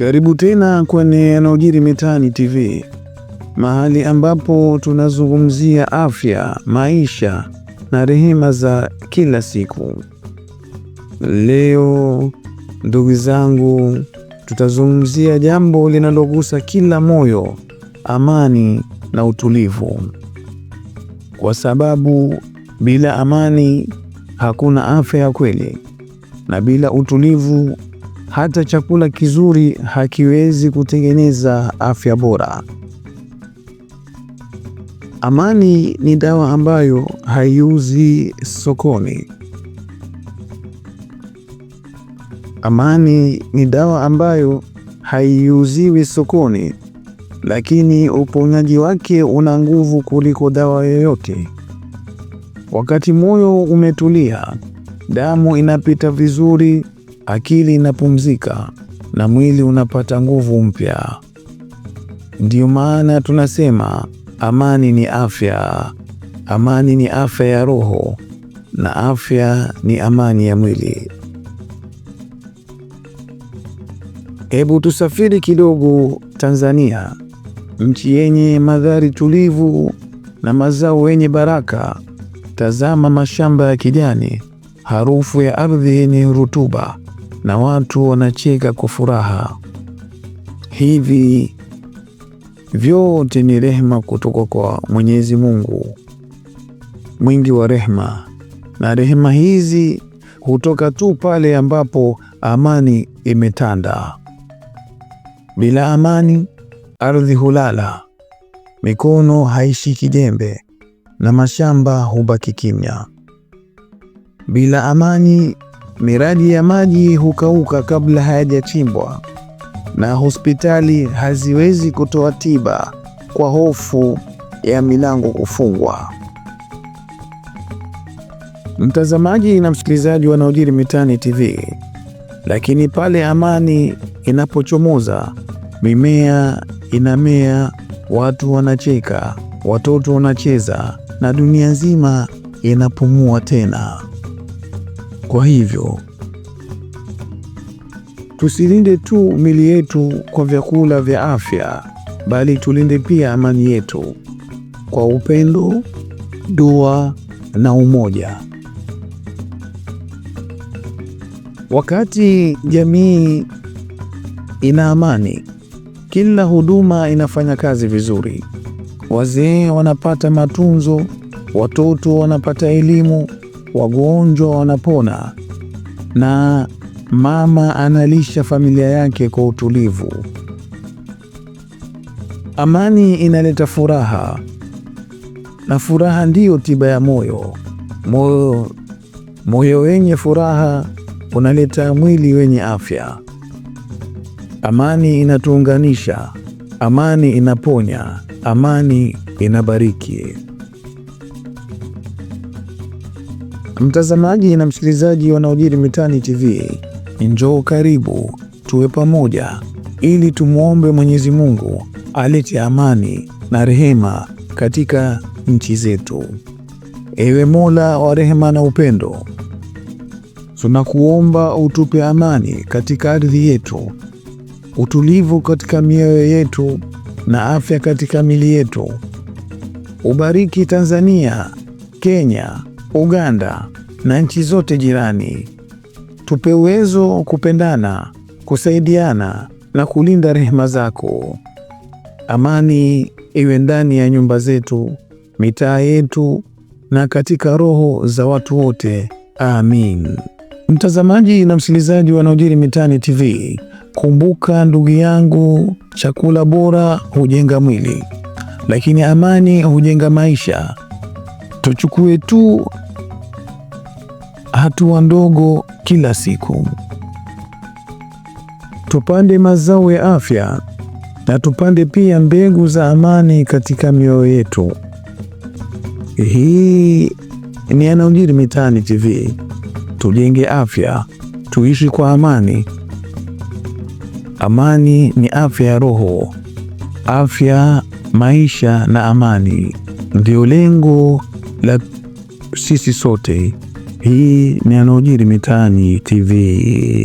Karibu tena kwenye Yanayojiri Mitaani TV, mahali ambapo tunazungumzia afya, maisha na rehema za kila siku. Leo ndugu zangu, tutazungumzia jambo linalogusa kila moyo, amani na utulivu, kwa sababu bila amani hakuna afya ya kweli, na bila utulivu hata chakula kizuri hakiwezi kutengeneza afya bora. Amani ni dawa ambayo haiuzi sokoni. Amani ni dawa ambayo haiuziwi sokoni, lakini uponyaji wake una nguvu kuliko dawa yoyote. Wakati moyo umetulia, damu inapita vizuri akili inapumzika na mwili unapata nguvu mpya. Ndiyo maana tunasema amani ni afya, amani ni afya ya roho, na afya ni amani ya mwili. Hebu tusafiri kidogo Tanzania, nchi yenye mandhari tulivu na mazao yenye baraka. Tazama mashamba ya kijani, harufu ya ardhi yenye rutuba, na watu wanacheka kwa furaha. Hivi vyote ni rehema kutoka kwa Mwenyezi Mungu mwingi wa rehema, na rehema hizi hutoka tu pale ambapo amani imetanda. Bila amani, ardhi hulala, mikono haishiki jembe na mashamba hubaki kimya. Bila amani miradi ya maji hukauka kabla hayajachimbwa na hospitali haziwezi kutoa tiba kwa hofu ya milango kufungwa. Mtazamaji na msikilizaji wanaojiri mitaani TV, lakini pale amani inapochomoza, mimea inamea, watu wanacheka, watoto wanacheza na dunia nzima inapumua tena. Kwa hivyo tusilinde tu mili yetu kwa vyakula vya afya, bali tulinde pia amani yetu kwa upendo, dua na umoja. Wakati jamii ina amani, kila huduma inafanya kazi vizuri. Wazee wanapata matunzo, watoto wanapata elimu, wagonjwa wanapona na mama analisha familia yake kwa utulivu. Amani inaleta furaha, na furaha ndiyo tiba ya moyo. Moyo moyo wenye furaha unaleta mwili wenye afya. Amani inatuunganisha, amani inaponya, amani inabariki. Mtazamaji na msikilizaji yanayojiri mitaani TV, njoo karibu tuwe pamoja ili tumwombe Mwenyezi Mungu alete amani na rehema katika nchi zetu. Ewe Mola wa rehema na upendo, tunakuomba utupe amani katika ardhi yetu, utulivu katika mioyo yetu na afya katika mili yetu. Ubariki Tanzania, Kenya, Uganda na nchi zote jirani. Tupe uwezo kupendana, kusaidiana na kulinda rehema zako. Amani iwe ndani ya nyumba zetu, mitaa yetu na katika roho za watu wote. Amin. Mtazamaji na msikilizaji yanayojiri mitaani TV, kumbuka ndugu yangu, chakula bora hujenga mwili, lakini amani hujenga maisha tuchukue tu hatua ndogo kila siku, tupande mazao ya afya na tupande pia mbegu za amani katika mioyo yetu. Hii ni yanayojiri mitaani TV. Tujenge afya, tuishi kwa amani. Amani ni afya ya roho, afya, maisha na amani ndio lengo la sisi sote. Hii ni yanayojiri mitaani TV.